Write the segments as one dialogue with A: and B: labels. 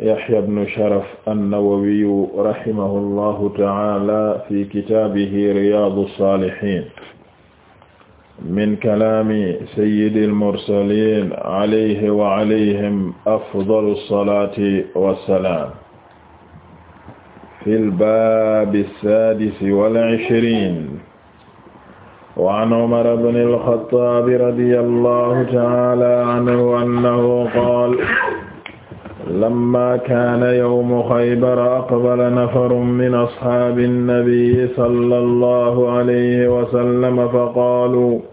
A: Yahya ibn Sharaf an-Nawawi rahimahullahu ta'ala fi kitaabihi Riyaadu s-Saalihiin min kalaami sayyidil mursaliin alayhi wa alayhim afdalu s-salaati wa s-salaam fil baabi s-saadisi wal ishriin wa an Umar ibn al-Khattaab radiyallahu ta'ala anhu annahu qaala lamma kaana yawmu Xaybar aqbala nafarun min asxaabi nnabiy sallallahu alayhi wa sallam faqaalu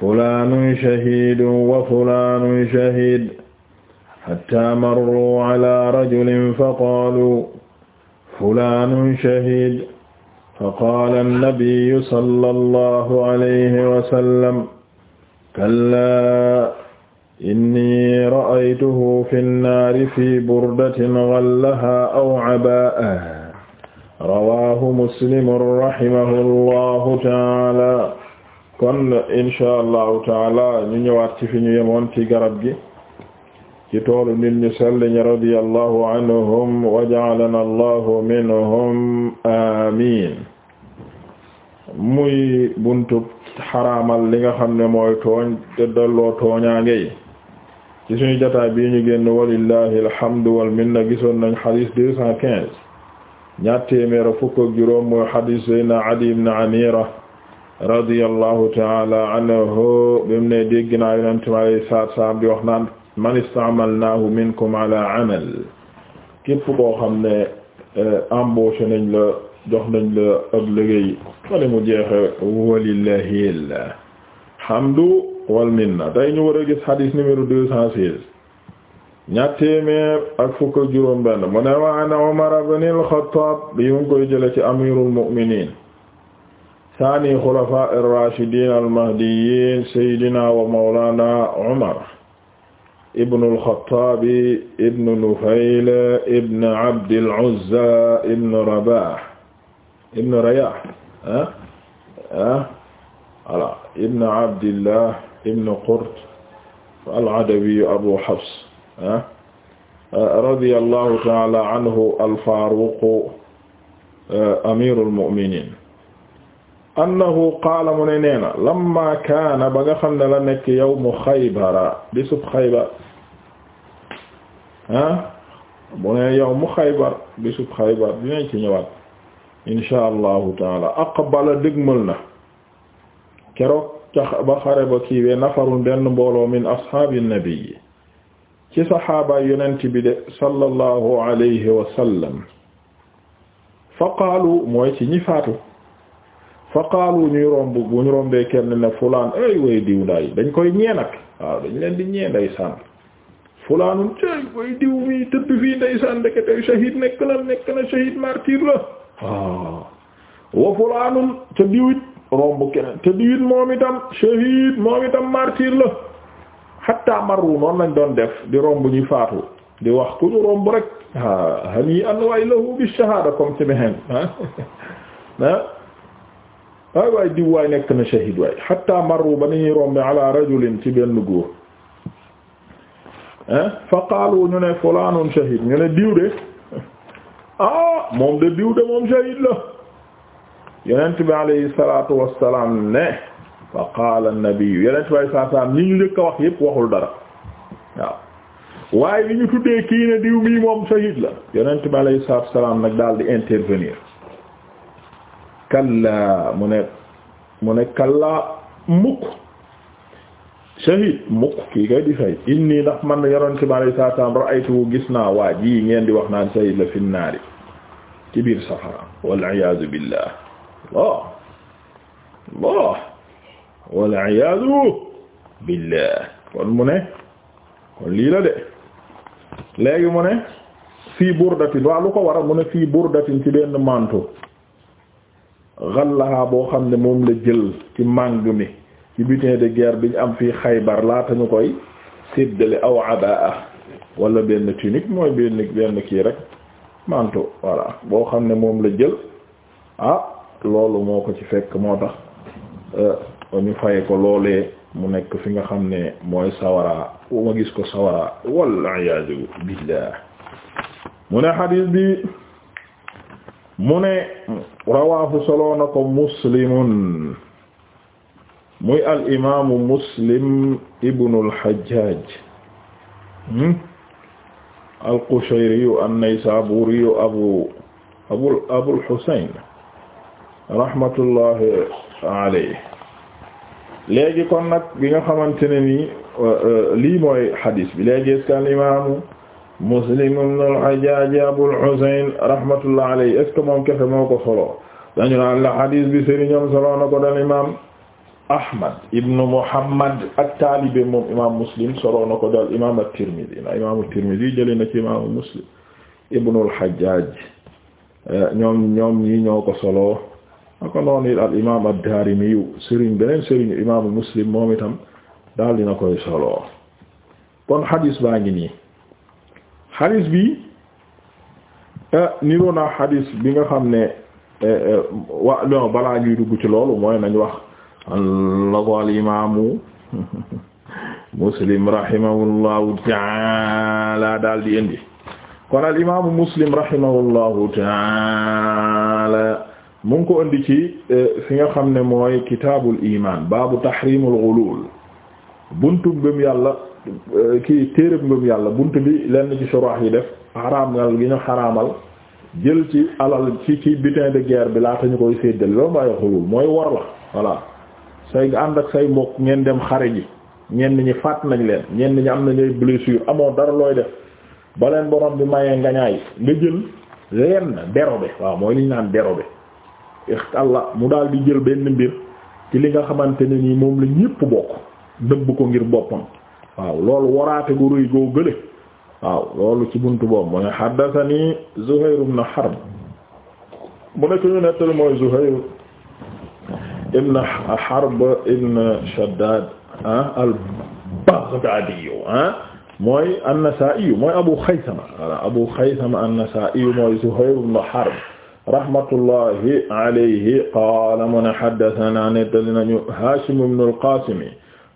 A: fulaanun shahiidun wa fulaanun shahiid hattaa marruu calaa rajulin faqaaluu fulaanun shahiid faqaala nnabiyu sallallahu alayhi wa sallam kallaa inni ra'aytuhu fi nnaari fi burdatin ghallahaa aw abaa'ahaa rawaahu muslim rahimahullahu taala kon inshaa allahu taala ñu ñëwaat ci fi ñu yemoon ci garab gi ci toolu nit ñu sell ñi radiyallahu anhum wa ja'alana allahu minhum amiin muy buntub xaraamal li nga xam ne mooy tooñ te delloo tooñaange yi ci suñu jotaay bii ñu génn walillahi alhamdu wal minna gisoon nañ xadis deux cent quinze ñaar téeméer fukk ak juróom xadis Seydina Adi ibn Amira radiyallahu ta'ala anhu bim ne dégg naa Yonent mi alayhi salaatu di wax naan man ista'malnaahu minkum ala amal képp koo xam ne euh, embauché nañ la jox nañ la ab liggéey wala mu jeexe walillahi alhamdu wal minna tey ñu war a gis xadiis numéro deux cent seize ñaar téeméer ak fukk ak juróom benn mu ne wa an Umar ibn al-Khattab bi mu ngi koy jële ci amirul mu'minin saani xulafaa ar-rashidin al-mahdiyyin sayyidina wa mawlana Umar ibn al-Khattab ibn Nufayl ibn Abd al-Uzza ibn Rabah ibn Rayah ah ah voilà ibn Abdillah ibn Qurt al-Adawi Abu Hafs ah, radiyallahu ta'ala anhu al-Faruq eh, amirul mu'minin annahu qaala mu ne nee na lamma kaana ba nga xam ne la nekk yawmu xaybara bisub xaybar ah mu ne yawmu xaybar bisub xaybar dinañ ci ñëwaat insha allahu taala aqbala dëgmal na keroog ca ba xare ba kiiwee nafarun benn mbooloo min ashaabi nabi ci saxaaba yonent bi de sallallahu alayhi wa fa qaalu mooy ci ñi faatu fa qaalu ñuy romb bu ñu rombee kenn ne fulaan ay way diw daay dañ koy ñeen ak waaw dañ diw mi tëdd fii nday sànn deke tey shahid nekk nekk na shahid martyr la waaw wa fulaanun diwit romb keneen te diit moom itam shahid moom itam martyr la hatta marru noonu lañ doon def di romb ñi faatu di wax ku ñu romb rek a hani an waay lahu bi shahada comme ci mehen ah ah waay waay diw waay nekk na shahid waay hatta marru ba nañuy rombe ala rajulin ci benn góor fa qaalu ñu ne fulaanun ah la yonent bi alayhi salaatu wassalaam ne fa qaala an-nabiyyu yonent bi alayhi salaatu wassalaam li ñu njëkk a wax yépp waxul dara waaw waaye li ñu tuddee kii ne diw mii moom shahid la yonent bi alayhi salaatu wassalaam nag daal di intervenir kallaa mu ne mu ne kallaa mukk shahid mukk kii kay di shahid inni ndax man yonent bi alayhi salaatu wassalaam ra'aytu gis naa waa ji ngeen di wax naan shahid la fi naari ci biir safara wal iyaazu billah bon bon walla iyaadu billah kon mu ne kon lii la de léegi mu ne fii burdatin waaw lu ko waral mu ne fii burdatin ci benn manteau xallahaa boo xam ne moom la jël ci màng mi ci butin de guerre bi am fii Xaybar laata ñu koy séddale aw abaa wala benn tunique mooy benn benn kii rek manteau voilà boo xam ne moom la jël ah loolu moo ko ci fekk moo tax euh, ñu faye ko loolee mu nekk fi nga xam ne mooy sawara wu ma gis ko sawara wal iyaadu billah mu ne xadiis bi mu ne rawaahu soloo na ko muslimun muy al imaamu muslim ibnul hajjaaj hmm? al qushayriyu an naysaburiyu abu abu abul husayn rahmatullahi alayhi léegi kon nag bi nga xamante ne nii lii mooy xadis bi léegi est-ce que al Muslim ibn al-Hajjaj Abul Husayn rahmatullahi alayhi est-ce moom kefe moo ko solo dañu naan la xadis bi sëriñam solo na ko dal imaam Ahmad ibn Muhammad ak taalibe moom imaam Muslim solo na ko dal imaam at-Tirmidhi na imaam at-Tirmidhi jëlee na ci imaam Muslim ibn al-Hajjaj eh, ñoom ñoom ñii ñoo ko solo. naka noonu it al imaam ad-Daarimi sëriñ beneen sëriñ imaamu Muslim moom itam daal dina koy solo kon xadis baa ngi nii xadis bi eh, niroo naa xadis bi nga xam ne eh, eh, wa non balaa ñuy dugg ci loolu mooy nañ wax la ko al imaamu Muslim rahimahullahu taala daal di indi kon al imaamu Muslim rahimahullahu taala mu ngi ko indi ci eh, fi nga xam ne mooy kitaabul iman baabu tahrimul ghulul buntu ngëm yàlla eh, kii téereb ngëm yàlla bunt bi lenn ci surah yi def xaraamal gi ñu xaraamal jël ci alal ci ci butin de guerre bi laata ñu koy séddale loolu mooy ghulul mooy wor la voilà say ànd ak say mbokk ngeen dem xare ji ñenn ñi faat nañ leen ñenn ñi am nañ ay blessure amoo dara looy def ba leen borom bi mayee ngañaay nga jël lenn dérobé waaw mooy li ñu naan dérobé ixtalla mu daal di jël benn mbir ci li nga xamante ne nii moom la ñépp bokk dëbb ko ngir boppam waaw loolu waraate gu rëy goo gële waaw loolu ci bunt boobu mu ne haddathani Zuhayr ibn Harb mu nekk ñu nettali mooy Zuhayr ibn Harb ibn Shaddad ah, al-Baghdadi ah, mooy an-Nasa'i mooy Abu Khaythama Abu Khaythama an-Nasa'i mooy Zuhayr ibn Harb rahmatullahi alayhi qaala mu ne haddathana nettali nañu Hashim ibn al-Qasim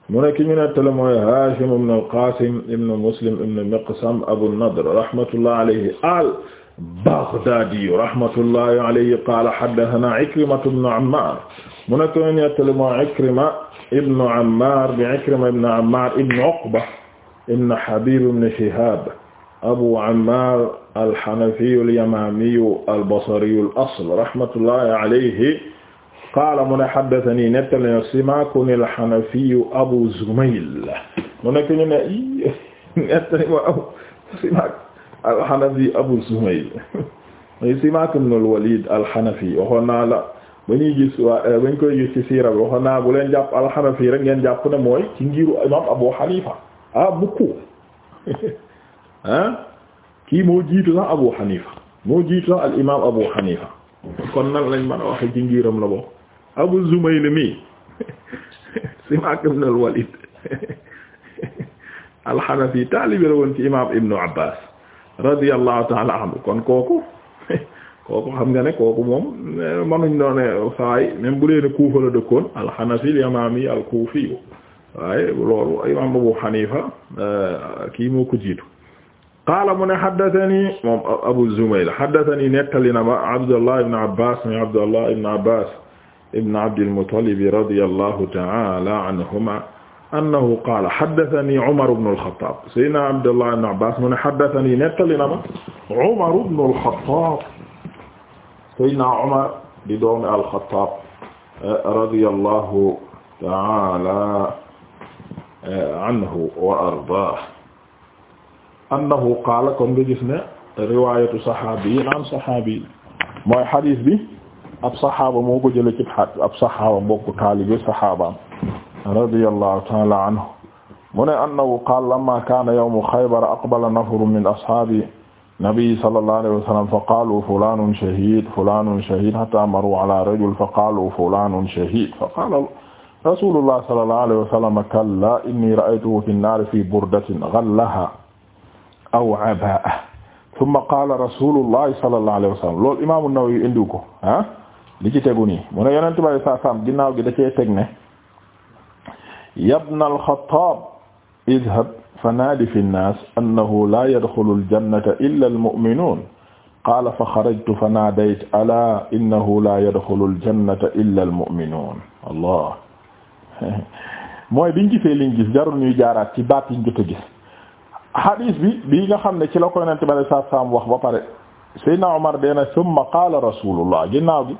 A: mu ne ki ñu nettali mooy Hashim ibn al-Qasim ibn Muslim ibn Miqsam Abu an-Nadr rahmatullahi alayhi al-Baghdadi rahmatullahi alayhi qaala haddathana Ikrima ibn Ammar mu ne ki ñu nettali mooy Ikrima ibn Ammar bi Ikrima ibn Ammar ibn Uqba ibn Habib ibn Shihab abu ammaar alxanafiyu alyamaamiyu albasariyu al-asl rahmatullahi alayhi qaala mu ne haddathanii nettali na simaakun alxanafiyu abu zumayl mu nekk ñu ne ii nettali ma abu simaak alxanafiyu abu zumayl muy simaak ibn alwaliid alxanafi waxoon naa la ba ñuy gis waa ba ñu koy gis ci siira bi waxoon naa bu leen jàpp alxanafi rek ngeen jàpp ne mooy ci ngiru imaam abu xaniifa ah bukku ah kii moo jiitu sax Abu Hanifa moo jiitu sax al imaam Abu Hanifa kon nan lañ mën a waxe ci ngiram la bokk Abu Zumayl mi Simaak ibn al al-Hanafi taalibe la woon ci imaam Ibn Abbas radiyallahu ta'ala anhu kon kooku kooku xam nga ne kooku moom eh, manuñ doone saay même bu leen Kuufa la dëkkoon al-Hanafi al-Yamami al-Kufi waaye loolu imaam Abu Hanifa eh, kii moo ko jiitu qaala mu ne haddathani moom Abu Zumayl haddathani nettali na ma Abdullah ibn Abbas mi Abdullah ibn Abbas ibn Abdil Muttalib radiyallahu ta'ala anhuma annahu qaala haddathani Umar ibn al-Khattab sayyidina Abdullah ibn Abbas mu ne haddathani nettali na ma Umar ibn al-Khattab sayyidina Umar di doomi al-Khattab eh, radiyallahu ta'ala eh, anhu wa ardaahu annahu qaala kon nga gis ne riwaayatu saxaabi yi naan saxaabi yi mooy xadiis bi ab saxaaba moo ko jëlee ci ab saxaaba mbokku taalibe saxaabaam radiyallahu taala anhu mu ne annahu qaala lamma kaana yawmu xaybar aqbala nafarun min ashaabi nabi sallallahu alayhi wa sallam fa qaalu fulaanun shahiid fulaanun shahiid hattaa marru alaa rajul fa qaalu fulaanun shahiid fa qaala rasuulullah sallallahu alayhi wa sallam kallaa innii ra'aytuhu fin naari fii burdatin ghallahaa aw abaa thumma qaala rasulullah sallallahu alayhi wa sallam loolu imaamu Nawawi indiw ko ah li ci tegu nii mu ne yonente bi saa saam ginnaaw gi da cee teg ne yabna al-Xattaab idhab fa naadi fi nnaas annahu laa yadxulu al-jannata illa al-mu'minuun qaala fa xarajtu fa naadaytu alaa innahu laa yadxulu al-jannata illa al-mu'minuun allah mooy biñ gisee liñ gis jarul ñuy jaaraat ci baat yiñ jot a gis hadith bi bii nga xam ne ci la ko yonente bi alayhi salaatu salaam wax ba pare Seydina Omar dee na summa qaala rasulullah ginnaaw gi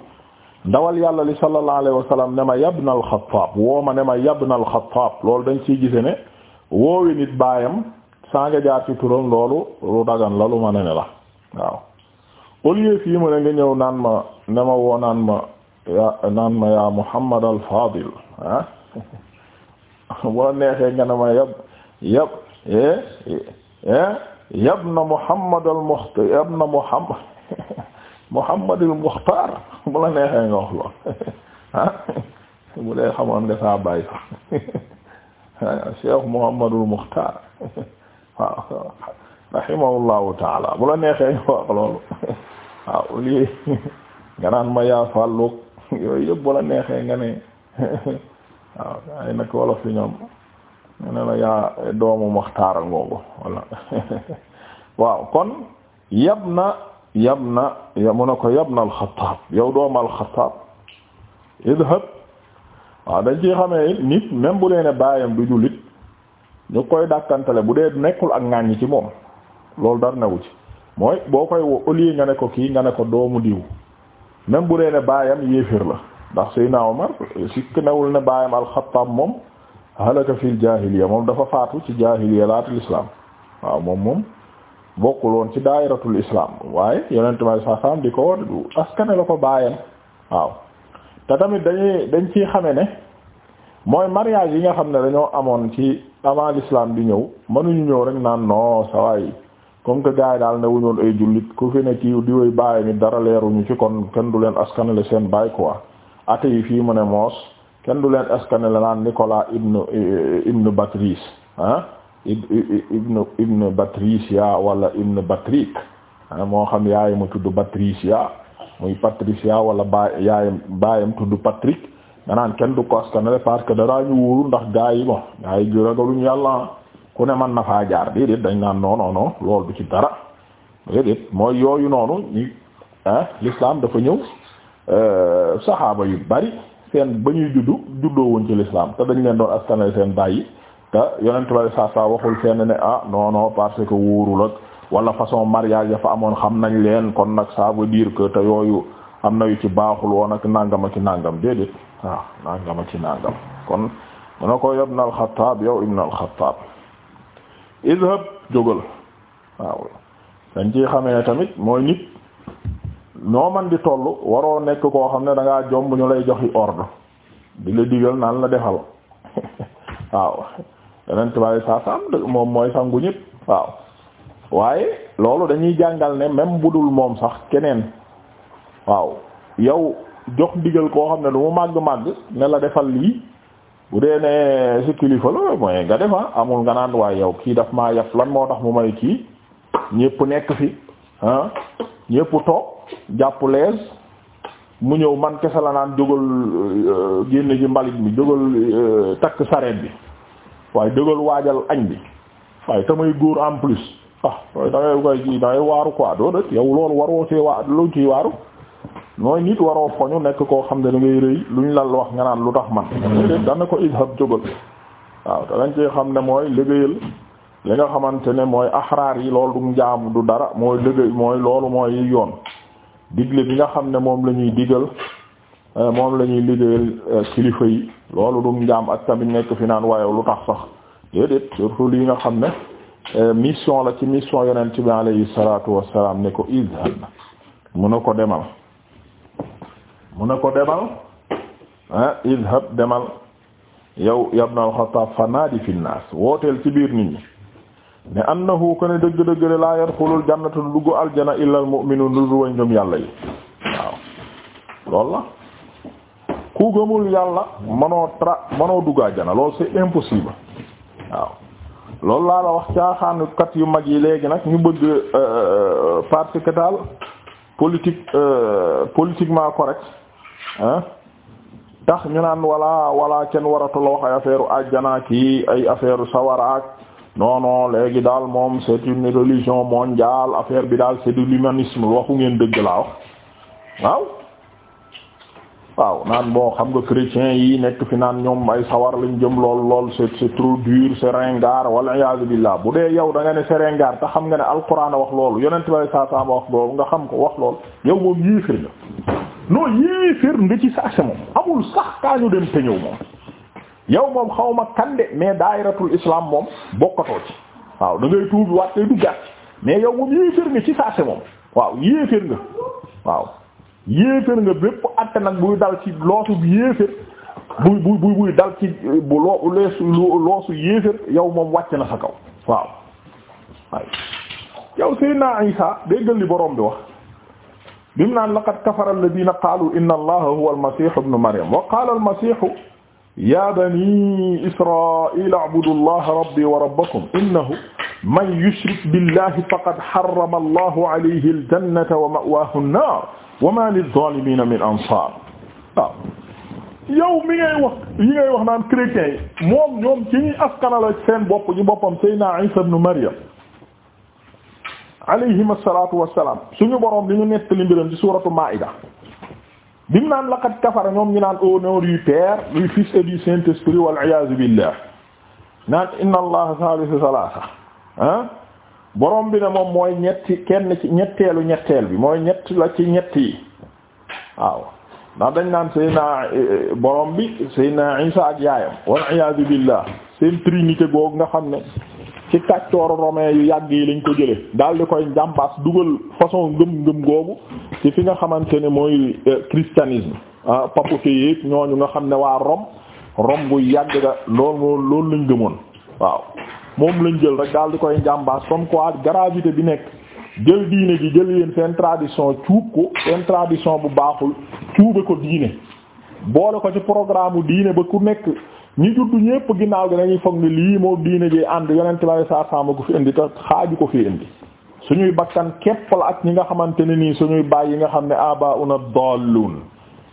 A: ndawal yàlla li sallallahu alayhi ne ma yabna al-Xattaab woo ma ne ma yabna al loolu dañ ciy gise ne woowi nit baayam saa nga jaar ci turam loolu lu dagan la lu ma ne ne la waaw au lieu mu ne nga ñëw naan ma ne ma woo naan ma yaa naan ma yaa Muhammad al-Faadil ah. boo neexee nga ne ma yab yab Eh? Eh? Eh? yabna Muhammad al-Mukhtar yabna Muhammad Muhammad al-Mukhtar bu la neexee nga wax lool ah bu dee xamoon nga saa bàyyi sax ah, Cheikh Muhammad al-Mukhtar waaw rahimahullahu bu la neexee nga wax loolu waaw lii nga naan ma yaa fàlluk yooyu yëpp bu la neexee nga ne waaw ay nag wolof fi ñoom ne la yaa doomu Muxtaar ngoogu walla waaw kon yab na yab na mu ne ko yab na alxataab yow doomu alxataab idhab waaw dañ ci xamee nit même bu dee ne baayam du jullit ñu koy dàkkantale bu dee nekkul ak ŋàññi ci moom loolu dara newu ci mooy boo koy au lieu nga ne ko kii nga ne ko doomu diw même bu dee ne baayam yéeféer la ndax Seydina Omar sikk newul ne baayam alxataab moom halaka fii jahiliya moom dafa faatu ci jahiliya laata l'islam waaw moom moom bokkul woon ci daayiratul islam waaye yonent may sa sam di ko askane la ko baayam waaw te dañ ciy xame ne mooy mariage yi nga xam ne dañoo amoon ci avant l'islam di ñëw mënuñu ñëw rek naan non sawaay comme que daal ne wuñoon ay jullit ku fi ne kii di woy baayam it dara leeruñu ci kon kenn du leen askanale seen baay quoi ate yi fii mu ne moos kenn du leen askane la naan Nicolas ibnu ibnu Batris ah ibnu ibnu Batrisia wala ibnu ah, moo xam yaayam tudd Batrisia muy Patricia wala ba yaayam baayam tudd Patrick danaan kenn du ko askanele parce que danaa ñu wóoru ndax gaa yi mo gaa yi ju ragaluñu yàlla ku ne mën na faa jaar déedéet dañ naan non non loolu du ci dara déedéet mooy yooyu noonu ñi ah l'islam dafa ñëw euh, saxaaba yu bari seen ba ñuy juddu juddoo woon ci l'islam te dañ leen doon askanal seen bàyyi te yonent bari saa saa waxul seen ne ah non non parce que wóorul ak wala façon mariage dafa amoon xam nañ leen kon nag ça veut dire que te yooyu am na yu ci baaxul woon ak nangam ak nangam déedéet waaw nangam ak nangam kon mu ne ko ibn al-Khattab yow ibn al-Khattab izhab jógal waaw dañ ci xamee ne tamit mooy nit noo man di toll waroo nekk koo xam ne da ngaa jomb ñu lay joxi ordre di la digal naan la defal waaw yeneen tubaab saa moom mooy sangu ñëpp waaw waaye loolu dañuy jàngal ne même bu dul moom sax keneen waaw yow jox digal koo xam ne du mu màgg-màgg ne la defal lii bu dee ne si kilifa la mooy nga defa ah, amul nga naan waaye yow kii daf maa yaf lan moo tax mu may kii ñëpp nekk fi ah toog. jàpp lees mu ñëw man kese la naan jógal euh, génn ci mbalit mi jógal euh, takk sareet bi waaye jógal waajal añ bi waaye tamay góor en plus ah da ngay koy kii da ngay waaru quoi yow loolu waroo see waa lu ciy waaru nooy nit waroo foñu nekk koo xam ne da ngay lu luñ lal wax nga naan lu tax man dana ko idhab jógal waaw te dañ xam ne mooy liggéeyal li nga xamante ne mooy axraar yi loolu du jaamu du dara mooy liggéey mooy loolu mooy yoon digle bi nga xam ne moom la ñuy digal euh, moom la ñuy liggéeyal euh, kilifa yi loolu dum njaam ak tamit nekk fi naan waaye lu tax sax déedéet surtout lii nga xam ne euh, mission la ci mission yonent bi alayhi salaatu wassalaam ne ko izhab mu ne ko demal mu ne ko demal ah izhab demal yow ya na al-Khattab fanaadi fi wooteel ci biir nit ñi ne annahu ko ne dëgg-dëgg de laa yadxulul jannata du dugg aljana illa al mu'minun lu way ngëm yàlla yi waaw loolu la ku yàlla manoo tra manoo dugg aljana loolu c'est impossible waaw loolu laa la wax caaxaanukat yu mag yi léegi nag ñu bëgg euh, euh, parce que daal politique euh, politiquement correct hein tax ñu naan wala wala kenn waratul wax ay affaire u àjjana ki ay affaire u sawaraak non non léegi daal moom c'est une religion mondiale affaire bi daal c'est de l'humanisme waxu ngeen dëgg laa wax waaw waaw naan bon xam nga chrétiens yi nekk fi naan ñoom ay sawar lañ jëm lool lool c'est c'est trop dur c'est ringard wala iyaazu billah bu dee yow da nga ne c'est te xam nga ne alquran a wax loolu yonent bay saa saa wax loolu nga xam ko wax loolu yow moom yéefir nga non yéefir nga ci saase moom amul sax kaa ñu dem te ñëw yow moom xaw ma kande mais daayiratul islam moom bokkatoo ci waaw da ngay tuubi waat tey duggaat mais yow moom yéeféer nga ci saase moom waaw yéeféer nga waaw bépp àtte nag buy dal ci loosu yéeféer buy buy dal ci bu loo leesu loosu yéeféer yow moom wàcc na sa kaw waaw waaw yow Seydina Isa déggal li boroom bi wax bi mu naan laqad kafara alladina qaalu inna allaha huwa almasihu ibnu maryam wa qaala almasihu ya bani israil a'budu allaha rabbi wa rabbakum innahu man yushrik billahi faqad harrama allahu alayhi aljannata wa ma'wahu an-nar wa ma lizzalimina min ansar waaw ah, yow mi ngay wax yi ngay wax naan chrétiens yi moom ñoom ci ñuy askanala seen bopp ñu boppam Seydina Isa ibn Maryam alayhim assalatu wassalam suñu boroom li ñu nettali mbiram ci suratu Maa'ida bi mu naan laqad kafara ñoom ñu naan au oh, nom du Père du Fils et du Saint-Esprit wal iyaazu billah naan inna allaha salisu salasa ah borom bi ne moom mooy ñetti kenn ci ñetteelu ñetteel bi mooy ñett la ci ñett yi waaw ndax dañ naan Seyna eh, borom bi Seyna Isa ak yaayam wal iyaazu billah seen trinité googu nga xam ne ci kàccooru romain yu yàgg yi lañ ko jële daal di koy njàmbaas dugal façon ngëm-ngëm googu ci fi nga xamante ne mooy euh, christianisme ah papauté yi ñooñu nga xam ne waa Rome Rome bu yàgg da loolu loolu lañ gëmoon waaw moom lañ jël rek daal di koy njàmbaas comme quoi gravité bi nekk jël diine gi jël yen seen tradition cuub ko seen tradition bu baaxul cuube ko diine boole ko ci programme diine ba ku nekk ñi judd ñépp ginnaaw gi dañuy foog ni lii moo diine ji ànd yonent ba saa saama ko fi indi te xaaju ko fi indi suñuy bakkan képp la ak ñi nga xamante ne nii suñuy baay yi nga xam ne abauna dallun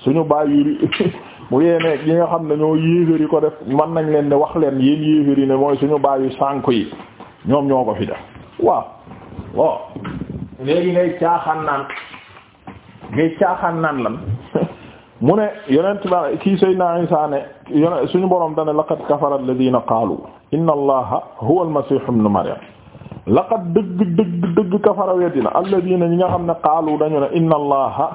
A: suñu baay yi mu yéene yi nga xam ne ñoo yéeféer yi ko def mën nañ leen ne wax leen yéen yéeféer yi ne mooy suñu baay yu sànk yi ñoom ñoo ko fi def waaw waaw léegi ngay caaxaan naan ngay caaxaan lan mu ne yonent ba kii Seydina Isa ne suñu borom dane laqad kafara alladina qaalu inna allaha huwa almasihu ibnu maryam laqad dëgg dëgg dëgg kafara weddina alladina ñi nga xam ne qaalu dañu ne inna allaha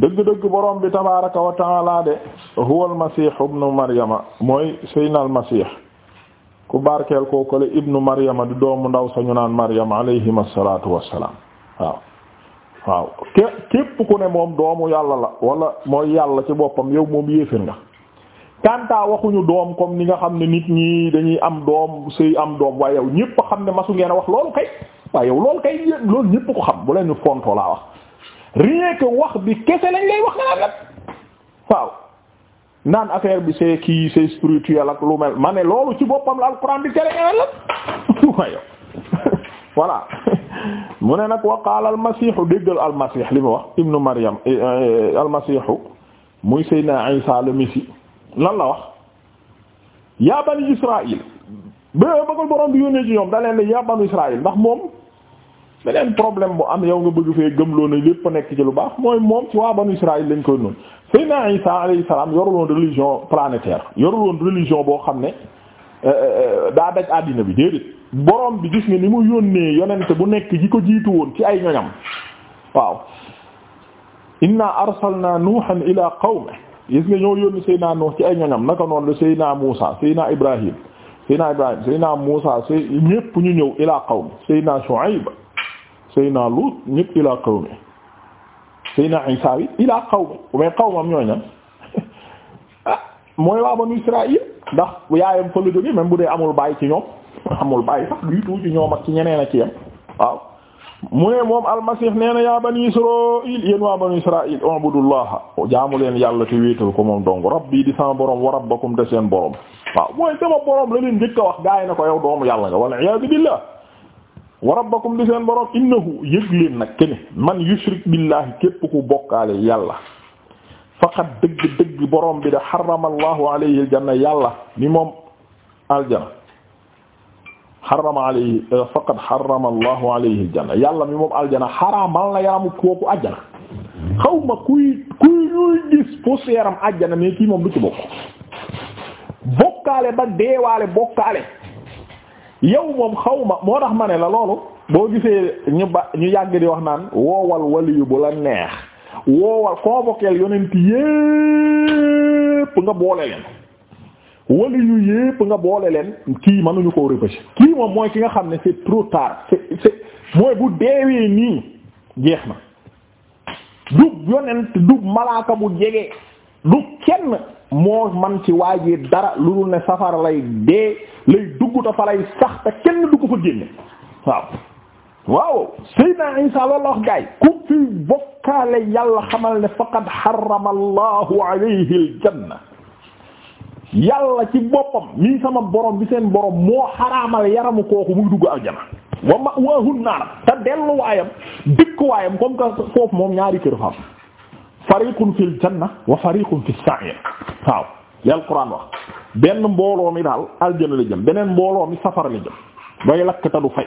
A: dëgg-dëgg borom bi tabaraka wa taala de huwa almasihu ibnu maryama mooy Seydina almasih ku barkeel koo kale ibnu maryama di doomu ndaw sañu naan maryam alayhim assalatu wassalam waaw ke képp ku ne moom doomu yàlla la wala mooy yàlla ci boppam yow moom yéefér nga kanta waxuñu doom comme ni nga xam ne nit ñi dañuy am doom sëy am doom waaye yow ñépp xam ne masu ngeen wax loolu kay waaye yow loolu kay loolu ñépp ko xam bu leen ñu fontoo laa wax rien wax bi kese lañ lay wax nga waaw naan affaire bi c'est kii c'est spirituel ak lu mel ma ne loolu ci boppam la alxuraan di tere nga la waaye voilà mu ne nag wax qaala almasihu déggal almasih li mu wax ibnu Maryam eh, eh, almasihu muy Seydina Isa le Messie lan la wax yaa bani Israël ba bëggal borom bi yónnee ci ñoom da leen yaa bani Israël ndax moom beneen problème bu am yow nga bëgg fee gëmloo na lépp nekk ci lu baax mooy moom ci waa banu Israël lañ koy noonu Seydina Isa alayhi salaam yoruloon planetaire yoru yoruloon religion boo xam ne eh, daa daj àddina bi déedéet. borom bi gis nga ni mu yónnee yonent bu nekk yi ko jiitu woon ci ay ñoñam waaw inna arsalna nuuhan ila qawme gis nga ñoo yónni seydina nuux ci ay ñoñam naka noonu la seydina muusa seydina ibrahim seydina ibrahim seydina muusa sey ñépp ñu ñëw ila qawme seydina shuayb seydina lut ñépp ila qawme seydina isa yi ila qawme mais qawmam ñooñam ah mooy waa banu israil ndax yaayam fa la jóge même bu dee amul bàyyi ci ñoom amul bàyyi sax du tout ñoom ak ci ñeneen a ci yam waaw mu ne moom almasih nee na yaa bani israil yéen waa bani israil ubudullaha jaamu leen yàlla te wéetal ko moom dong rabbi di sama borom wa rabbakum de seen borom waaw mooy sama borom la leen njëkk a wax gaay na ko yow doomu yàlla nga wal iyaadu billah wa rabbakum di seen borom innahu yëg leen nag kene man yushrik billahi képp ku bokkaale yàlla faqad dëgg dëgg borom bi da xarama allahu alayhi aljanna yàlla ni moom aljana xarama alayhi euh, faqad xarama allahu moom aljana xaraamal na yaramu kooku ajjana xaw kuy kuy ñuy gis fos yaram ajjana mais kii moom du ci bokk bokkaale ba deewaale bokkaale yow moom xaw ma moo tax ma la loolu boo gisee ñu yàgg di wax naan woowal waliyu bu la neex woowal convoquer yonent yépp nga boole leen wala yu yépp nga boole leen kii mënuñu koo repêcher kii moom mooy ki nga xam ne c'est trop tard c'est c'est mooy bu deewee nii jeex na du yonent du malaaka bu jege du kenn moo man ci waajee dara lu dul ne safara lay dee lay dugg te fa lay sax te kenn du ko fa génne waaw waaw Seydina Isa loolu wax gaay ku fi bokkaale yàlla xamal ne faqad xarama allahu alayhi aljanna yàlla ci boppam mii sama borom bi seen borom moo xaraamal yaramu kooku muy dugg aljana wa ma waahun naar te delluwaayam dëkkuwaayam comme que foofu moom ñaari kër faam fariqun fil janna wa fariqun fis sa'ir waaw li alquran wax benn mbooloo mi daal aljana la jëm beneen mbooloo mi safara la jëm bay lakk te du fay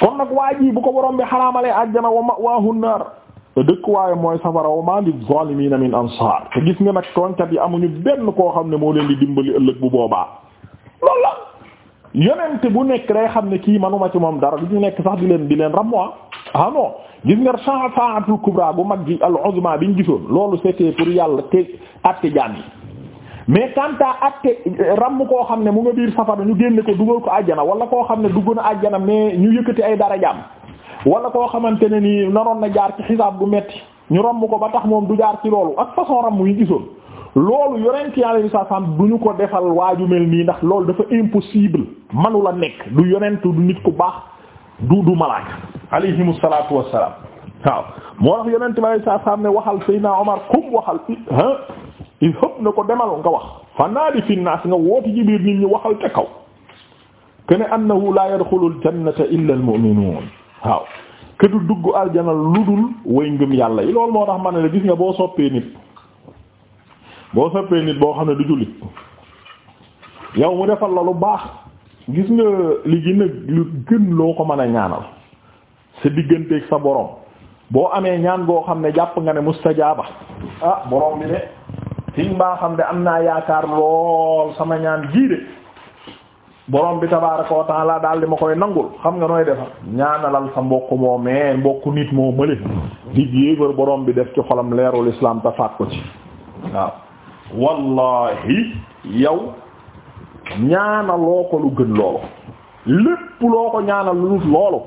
A: kon nag waa ji bu ko borom bi xaraamalee aljana wa ma waahun naar te dëkkuwaayam mooy safara wa ma lil zaalimiina min ansaar te gis nga nag tooñkat yi amuñu benn koo xam ne moo leen di dimbali ëllëg bu boobaa loolu la yonent bu nekk day xam ne kii manuma ci moom dara du ñu nekk sax di leen di leen ram ah non gis nga shafaatul kubra bu mag gi al uzma bi ñu gisoon loolu c'était pour yàlla te àtte jaam yi mais kanta àtte ramm koo xam ne mu nga biir safara ñu génne ko dugal ko àjjana wala koo xam ne dugg na àjjana mais ñu yëkkati ay dara jaam wala koo xamante ne nii naroon na jaar ci xisaab bu metti ñu romb ko ba tax moom du jaar ci loolu ak façon ramm yi gisoon loolu yonent yu saa saam du ñu ko defal waaju mel nii ndax loolu dafa impossible manu la nekk du yonentu du nit ku baax du du malaaka alayhimu salaatu wassalaam waaw moo tax yonent yàlla yu saa saam ne waxal Seydina Omar kum waxal ah il xëpp na ko demal nga wax fanaadi fi naas nga wooti ci biir nit ñi waxal te kaw kene annahu la yadxulul jannata waaw ke du dugg aljana lu dul way ngëm yàlla yi lool moo tax ma ne la gis nga boo soppee nit boo soppee nit boo xam ne du jullit yow mu defal la lu baax gis nga li gën loo ko mën a ñaanal sa digganteeg sa boroom boo amee ñaan goo xam ne jàpp nga ne mustajaaba ah borom bi de ci mbaa xam ne am naa yaakaar lool sama ñaan jii de borom bi tabaaraka wa daal di ma koy nangul xam nga nooy defar ñaanalal sa mbokk moo mbokk nit moo mële di yéefar borom bi def ci xolam leerul islam ta ko ci waaw wallahi yow ñaanaloo ko lu gën loolu lépp loo ko ñaanal lu dul loolu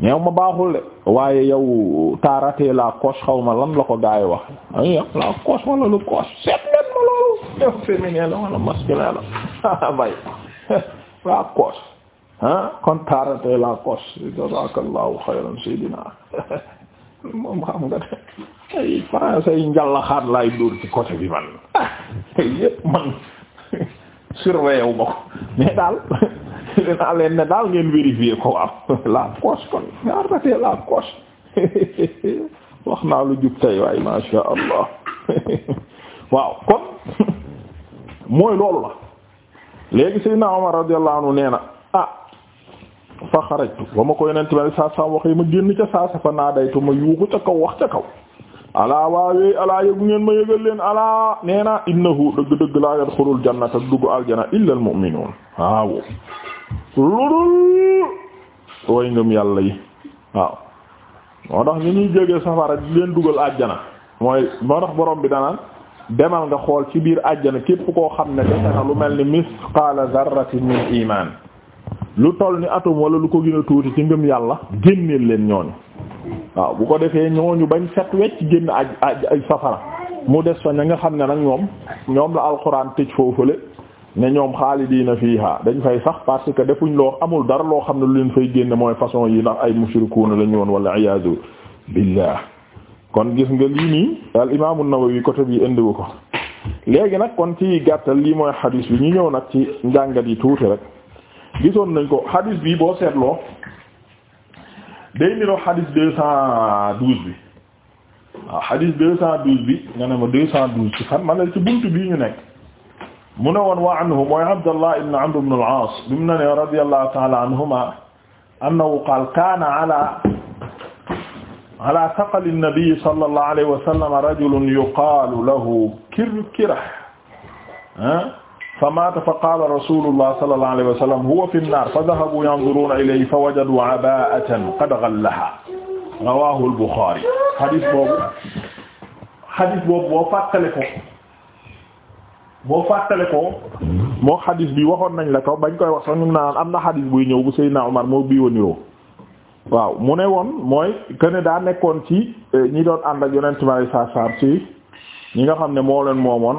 A: ñeew ma baaxul de waaye yow taaratee la coche xaw ma lan la ko gaay wax ay la coche lu coche seet leen ma loolu yow féminin la wala masculin la la koos ah kon taarate la koos jazakallahu xayran sayidina moom xam nga de ay français yi njallaxaat laay dóor ci côté bi man yépp man surveillé wu ma ko mais daal dinaa leen ngeen vérifier ko waaw la koos kon taarate la wax naa lu jub tey waaye ma allah waaw kon mooy loolu la léegi Seydina Omar radiyallahu anhu nee na ah fa xarajtu ba ma ko yonent bi saa saa waxee ma génn ca saasa fa naa daytu ma yuuxu ca kaw wax ca kaw alaa waawee alaa yëgu ngeen ma yëgal leen alaa nee na innahu dëgg dëgg laa yadxulul jannata dugg aljana illa al mu'minuun waaw ludul way ngëm yàlla yi waaw moo tax ñu ñuy jóge safara di leen dugal aljana mooy moo tax borom bi danaan demal nga xool ci biir àjjana képp koo xam ne defe na lu mel ni misqaala zarratin min iman lu toll ni atum wala lu ko gën a tuuti ci ngëm yàlla génneel leen ñooñu waaw bu ko defee ñooñu bañ set wecc génn aj aj safara mu des fa ña nga xam ne nag ñoom ñoom la alxuraan tëj foofule ne ñoom xaalidiina fiiha dañ fay sax parce que defuñ loo amul dara loo xam ne lu leen fay génne mooy façon yi ndax ay mushrikuuna la ñu woon wala iyaazu billah kon gis nga lii nii al imaamu Nawawi côté bi indiwu ko léegi nag kon ci gàttal lii mooy xadis bi ñu ñëw nag ci njàngat yi tuuti rek gisoon nañ ko xadis bi boo seetloo day niroo xadis deux cent douze bi waaw xadis deux cent douze bi nga ne ma deux cent douze ci fan man ci buntu bii ñu nekk mu ne woon wa anhu mooy Abdallah ibn Amr ibn al-Aas bi mu ne ne radiyallahu ta'ala anhuma annahu qaala kaana ala ala saqali nabi sallallahu alayhi wa sallam rajulun yuqaalu lahu kirkirah fa maata fa qaala rasulullah sallallahu alayhi wa sallam huwa fi nnaar fa dahabuu yanzuruuna ilayhi fa wajaduu abaa'atan qad ghallahaa rawaahu al-Buxaari xadis boobu xadis boobu boo fàttale ko boo fàttale ko moo xadis bi waxoon nañ la ko bañ koy wax sax ñu naan am na xadis buy ñëw bu Seydina Omar moo bii wa niroo waaw mu ne woon mooy ne daa nekkoon ci eh, ñi doon ànd ak yonent bi alayhi salaam ci ñi nga xam ne moo leen moomoon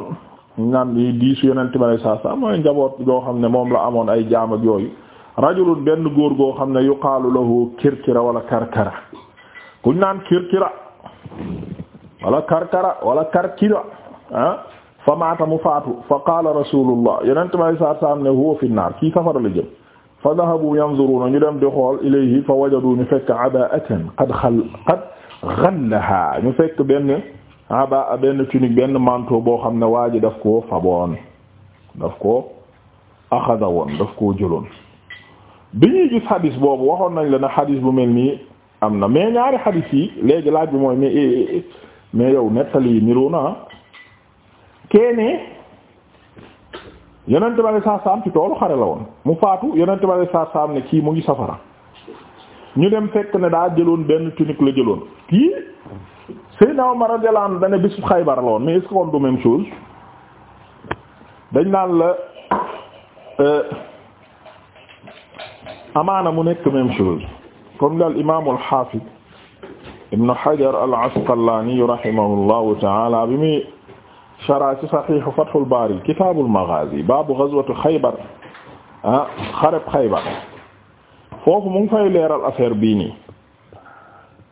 A: naan di diisu yonent bi alayhi salaam mooy njaboot goo xam ne moom la amoon ay jaam ak yooyu rajulun benn góor goo xam ne yuqaalu lahu kirkira wala karkara kuñ naan kirkira wala karkara wala karkira ah fa maata mu faatu fa qaala rasulullah yonent bi alayhi salaam ne huwa fi naar kii safara la jëm fa dahabu yanzuruna ñu dem di xool ilayhi fa wajadu ñu fekk abaatan qad xal qad xallaha ñu fekk benn abaa benn tunique benn manteau boo xam ne waa ji daf koo faboon daf koo axada woon daf koo jëloon bi ñuy gis xadis boobu waxoon nañ la ne xadis bu mel nii am na mais ñaari xadis yi léegi laaj bi mooy mais mais yow nettali yi niroo naa keene yonent bi alayhi salaam ci toolu xare la mu faatu yonent bi alayhi salaam ne kii mu ngi safara ñu dem fekk ne daa jëloon benn tunique la jëloon kii Seydina Umar radiyallahu anhu dane bisu Xaybar la woon mais est-ce que euh, amaana mu nekk même chose comme daal imaamul xaafid ibnu Hajar al-Asqalaani rahimahullahu ta'ala bi muy shara ci saxiixu Fathul Baari kitaabul Maghaazi baabu ghazwati Xaybar ah xareb Xaybar foofu mu ngi fay leeral affaire bii nii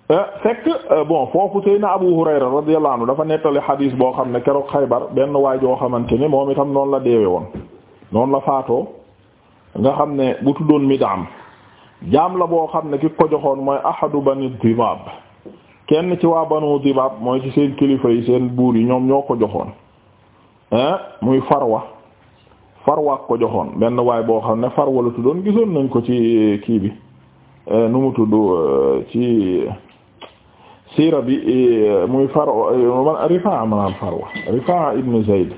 A: eh, fekk eh, bon foofu Seydina Abu Hurayra radiyallahu anhu dafa nettali xadiis boo xam ne keroog Xaybar benn waay joo xamante ne moom itam noonu la deewe woon noonu la faatoo nga xam ne bu tuddoon Midaam jaam la boo xam ne ki ko joxoon mooy ahadu bani Dibaab kenn ci waa banu Dibaab mooy ci seen kilifa yi seen buur yi ñoom ñoo ko joxoon muy Farwa Farwa ko joxoon benn waay boo xam ne Farwa la tuddoon gisoon nañ ko ci eh, kii bi eh, nu mu tudd eh, ci siira bi muy Farwa man Rifaa maanaam Farwa Rifaa ibn Zayd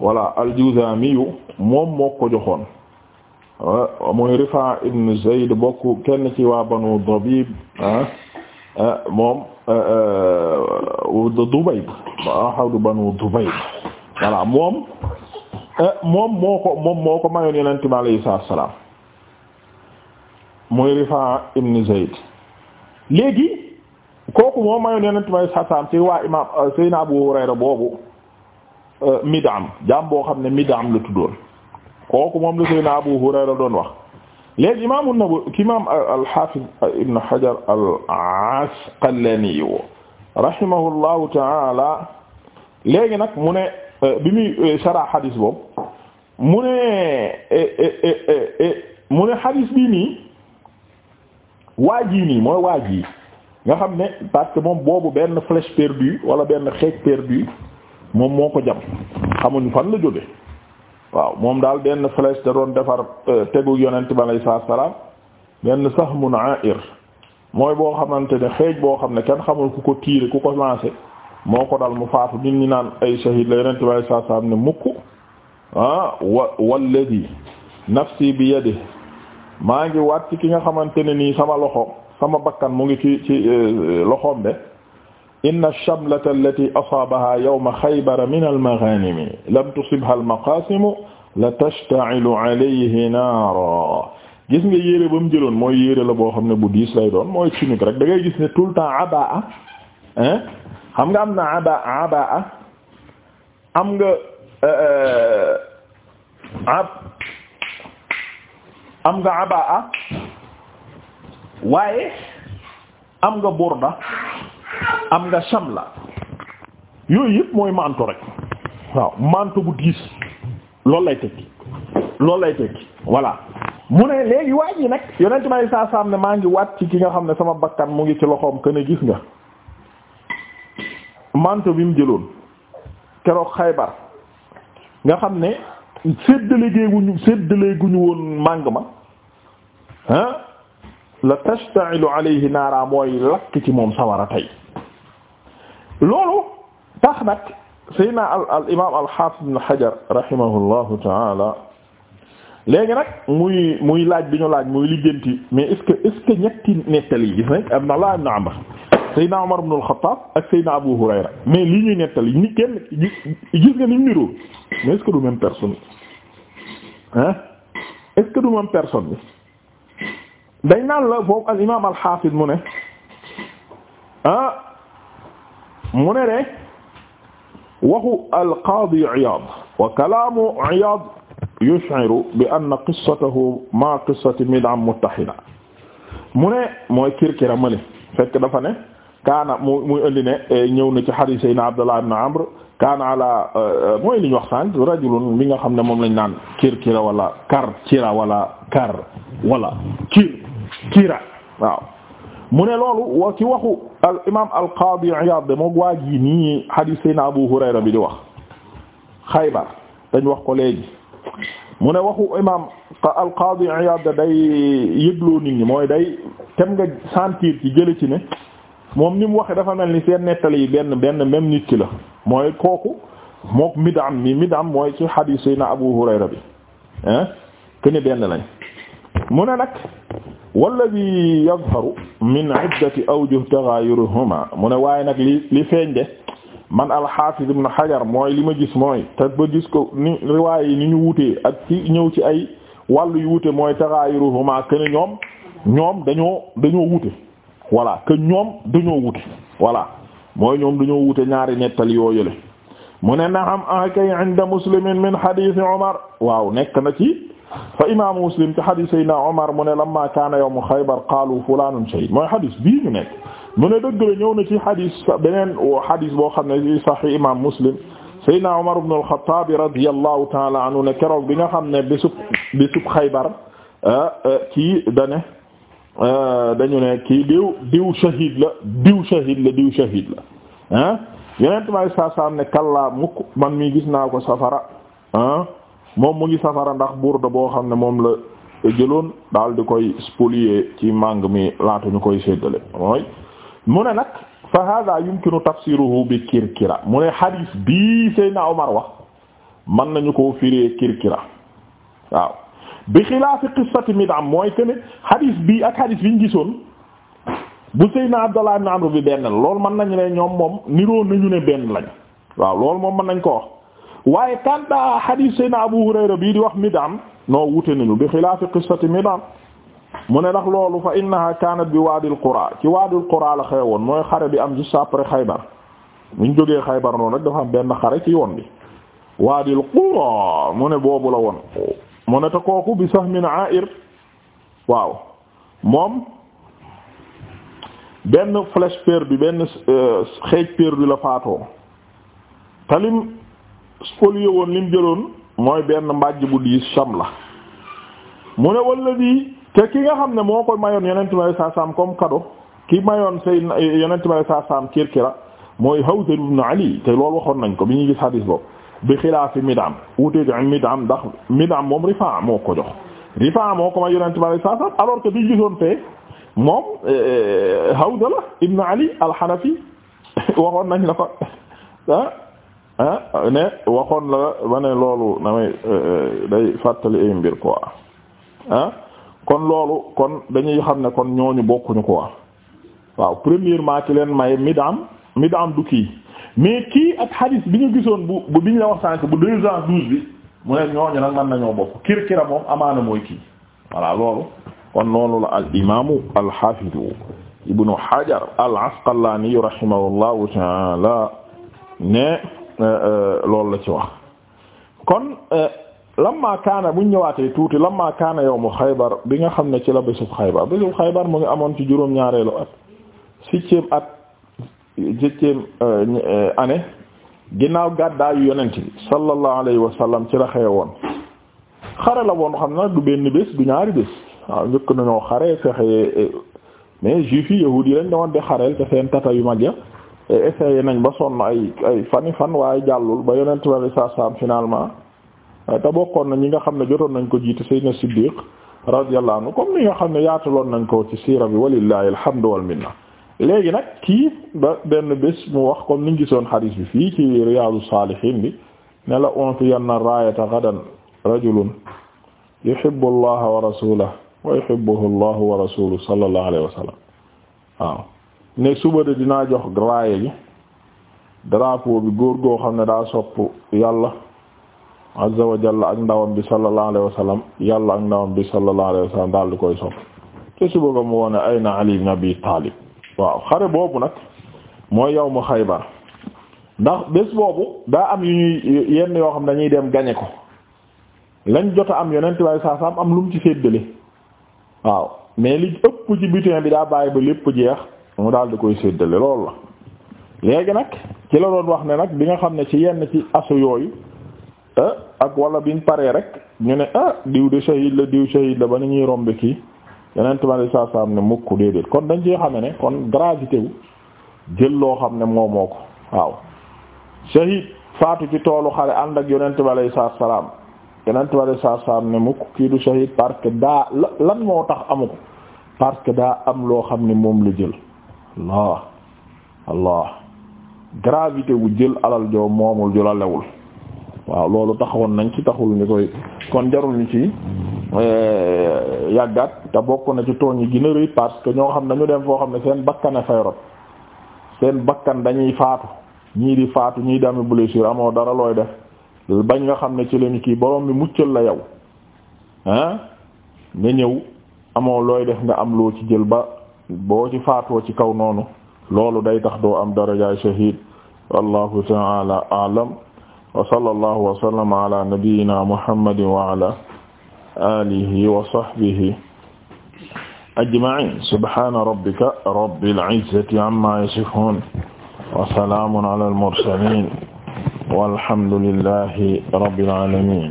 A: voilà al-Juzaami moom moo ko joxoon muy Rifaa ibn Zayd bokk kenn ci waa banu Dibaab Eh, moom eh, eh, Dubayb ahadu banu Dubayb voilà moom moom moo ko moom moo ko mayoon yonent bi alayhi salaatu salaam muy Rifaa ibn Zayd léegi kooku moo mayoon yonent bi alayhi salaatu salaam ci waa imaam Seydina Abu Hurayra boobu Midam jaam boo xam ne Midam la tuddoon kooku moom la Seydina Abu Hurayra doon wax léegi imaam an-Nawawi ki imaam al-Hafiz Ibn Hajar al-Asqalani rahimahullahu ta'ala léegi nag mu ne euh, bi muy euh, sarah hadis boobu mu ne e, e, e, mu ne hadis bii nii waa ji nii mooy waa ji nga xam ne parce que moom boobu benn flèche perdue wala benn xeej perdue moom moo ko jam xamuñu fan la jóge waaw moom daal benn flèche da doon defar euh, tegu yonent bi alayhi salaam benn sahmun air mooy boo xamante ne xeej boo xam ne kenn xamul ku ko tiire ku ko lancé moo ko dal mu faatu nit ñi naan ay shahid la yonent bi alayhi salaam ne mukk ah wa walladi nafsi bi yadihi maa ngi waat ci ki nga xamante ne nii sama loxo sama bakkan mu ngi ci ci euh, loxoom be inna shamlata allati asaabaha yawma xaybara min almaghanimi lam tusibha almaqaasimu la tashta'ilu alayhi naara yére ba jëloon mooy yére la boo xam ne bu diis mooy tunique rek da ngay gis ne tout le am na abaa abaa am nga euh, euh, nga abaa am nga la yooyu yëpp mooy manto rek waaw manto bu diis loolu lay tekki loolu lay tekki voilà mu ne léegi waaj yi nag yonent may saa saam ne maa ngi waat ci ki nga xam ne sama bakkan mu ngi ci loxoom que ne gis nga manto bi mu jëloon keroog xaybar nga xam ne séddale géeguñu séddale guñu woon màng ma ah la tashta'ilu alayhi naara mooy lakk ci moom sawara tey loolu tax nag saydna al al imaam al xaafis ibn Hajar rahimahullahu taala léegi nag muy muy laaj bi ñu laaj muy lijjanti mais est-ce que est-ce que ñetti nettali gis nañ Abdallah ibn Umar saydna Umar ibn al-Khattab ak saydna Abu Hurayra mais lii ñuy nettali ni kenn gis nga ni mu niroo mais est-ce que du même personne hein est-ce que du même personne bi dañ naan la boobu al imaam al xaafis mu ne ah. mu ne ne waxu alqaadi Iyaad wa kalaamu Iyaad yush'iru bi anna qissatahu ma qissati Mid'am muttahida mu ne mooy Kirkira male fekk dafa ne kaana mu muy indi ne eh, ñëw na ci hadiis Seydina Abdullah ibn Amr kaana ala eh, mooy li ñu wax sànq rajulun mi nga xam ne moom lañ naan Kirkira wala Karkira wala Kar wala Kirkira waaw mu ne loolu wa ci waxu al imaam al qaadi Iyaad de moog waa ji nii hadiis Seydina Abu Hurayra bi di wax Xaybar dañ wax ko léegi mu ne waxu imaam al qaadi Iyaad de day yëgloo nit ñi mooy day tem nga sentir ci jële ci ne moom ni mu waxe dafa mel ni seen nettali yi benn benn même nit ki la mooy kooku mook midam mi midam mooy ci hadiis Seydina Abu Hurayra bi ah kene benn lañ mu ne nag walladi yadharu min iddati awjuh taghaayuruhuma mu ne waaye nag li li feeñ de man al-Hafiz ibn Hajar mooy li ma gis mooy te ba gis ko ni riwaay yi ni ñu wutee ak ci ñëw ci ay wàllu yu wute mooy taghaayuruhuma que ne ñoom ñoom dañoo dañoo wute voilà que ñoom dañoo wute wala mooy ñoom dañoo wute ñaari nettal yoo yële mu ne naam akay inda Muslim min hadith Umar waaw nekk na ci fa imaamu muslim ci xadis Seydina Omar mu ne lamma kaana yawmu Xaybar qaalu fulaanun shahiid mooy xadis bii ñu nekk mu ne dëgg la ñëw na ci xadis beneen xadis boo xam ne ci Sahih imaam muslim Seydina Omar ibn al-Khattab radiyallahu ta'ala anhu ne keroog bi nga xam ne bésub bésub Xaybar ah, ah, kii dane ah, dañu ne kii diw diw shahiid la diw shahiid la diw shahiid la ah yeneen tubaab yi saa saa ne kallaa mukk man mii gis naa ko safara ah. moom mu ngi safara ndax burda boo xam ne moom la jëloon daal di koy spolier ci màng mi laatu ñu koy séddale mooy mu ne nag fa hada yumkinu tafsiruhu bi kirkira mu ne hadith bii Seydina Omar wax mën nañu ko fiire kirkira waaw bi xilaafi qissati Mid'am mooy que ne hadith bii ak hadith bi ñu gisoon bu Seydina Abdallah ibn Amr bi benn loolu mën nañu ne ñoom moom niroo nañu ne benn lañ waaw lool moom mën nañ ko wax. waaye kanta hadith sayna Abu Hurayra bii di wax Midam noo wute nañu bi xilaafi qissati Midam mu ne ndax loolu fa innaha kanat bi waadil qura ci waadil qura la xewoon mooy xare bi am juste après Xaybar buñ joge Xaybar noonu rek dafa am benn xare ci yoon bi waadil qura mu ne boobu la woon mu ne te kooku bi sahmin air waaw moom benn flèche perdue benn euh, xeej perdue la faatoo talim spolié woon lim jëloon mooy benn mbàjj bu diis sham la mu ne walla di te ki nga xam ne moo koy mayoon yonent bi saa saam comme cadeau ki mayoon say yonent bi saa saam kirkira mooy Hawzir ibn Ali te loolu waxoon nañ ko bi ñuy gis hadis boobu bi xilaafi Midam wuute gi am ndax Midam moom Rifaa moo ko jox Rifaa moo ko may yonent bi saa saam alors que bi ñu gisoon fee moom eh, eh, Hawzir ibn Ali al-Hanafi waxoon nañ la ko ah, ah ne waxoon la ba ne loolu damay euh, euh, day fàttali ay mbir quoi ah kon loolu kon dañuy xam ne kon ñooñu bokkuñu quoi waaw premièrement ki leen may midam midam du kii mais kii ak hadis bi ñu gisoon bu bu biñ la wax sànk bu deux cent douze bi mu ne ñooñu nag mën nañoo bokk kir moom amaana mooy kii voilà loolu kon loolu al imaamu al xaafidu ibnu hajar al asqalaani rahimahullahu taala ne Euh, loolu la ci wax kon euh, lamma kaana buñ ñëwaatee tuuti lamma kaana yawmu xaybar bi nga xam ne ci la bésub xaybar bésub xaybar mu ngi amoon ci juróom-ñaareelu at septième at septième euh, année ginnaaw gàddaayu yonent bi sallallahu alayhi wa ci la xewe woon xare la woon xam na du benn bés du ñaari bés waaw njëkk nañoo xare fexe mais juif yi yahuud yi lañ doon di xareel te seen tata yu mag ya essayé nañ ba sonn ay ay fani fan waaye jàllul ba yonent bi alayhi salaam finalement te bokkoon na ñi nga xam ne jotoon nañ ko jiite Seydina Siddiq radiyallahu anhu comme ni nga xam ne yaataloon nañ ko ci siira bi walillahi alhamdu wal minna léegi nag kii ba benn bés mu wax comme niñ gisoon xadiis bi fii ci Riyaadu Saalihiin bi ne la unfiyanna raayata gadan rajulun yuhibbu allaha wa rasulahu wa yuhibbuhu allahu wa rasuluhu sallallahu alayhi wa sallam waaw ne suba de dinaa jox raaya bi drapeau bi góor goo xam ne daa sopp yàlla azza wa jalla ak ndawam bi sallallahu alayhi wa yàlla ak ndawam bi sallallahu alayhi daal di koy sopp te suba ko mu wone ayna Ali ibn Abi Talib waaw xare boobu nag mooy yawmu Xaybar ndax bés boobu daa am yu ñuy yenn yoo xam dañuy dem gañe ko lañ jot am yonent waaye saa saam am lum ci séddale waaw mais li ëpp ci butin bi daa bàyyi ba lépp jeex mu daal di koy séddale loolu la léegi nag ci la doon wax ne nag bi nga xam ne ci yenn ci asu yooyu ah, ak wala biñ paree rek ñu ne ah diw de shahid la diw shahid la ba ni ñuy romb kii yeneen tamit saa saa am ne mukk déedéet kon dañ ci xame ne kon gravité wu jël loo xam ne moo moo ko waaw shahid faatu ci toolu xale ànd ak yonent bi alayhi salaam yonent bi alayhi salaam ne mukk kii du shahid parce que daa lan moo tax amu ko parce que daa am loo xam ne moom la jël allah allah gravité wu jël alal joo moomul ju waaw loolu taxawoon nañ ci taxul ni koy kon jarul ñu ci eh, yàggaat te bokk na ci tooñ yi gën a parce que ñoo xam ne dañu dem foo xam ne seen bakkan a seen bakkan dañuy faatu ñii di faatu ñii di amee blessure amoo dara looy def bañ nga xam ne ci lañu kii borom bi muccal la yow ah nga ñëw amoo looy def nga am loo ci jël ba boo ci faatoo ci kaw noonu loolu day tax doo am darajaay shahid wallahu ta'ala a'lam wa sallallahu wa sallama ala nabiyyina muhammadin wa ala alihi wa sahbihi ajma'in subhana rabbika rabbil izzati amma yasifun wa salamun ala al mursalin walhamdulillahi rabbil alamin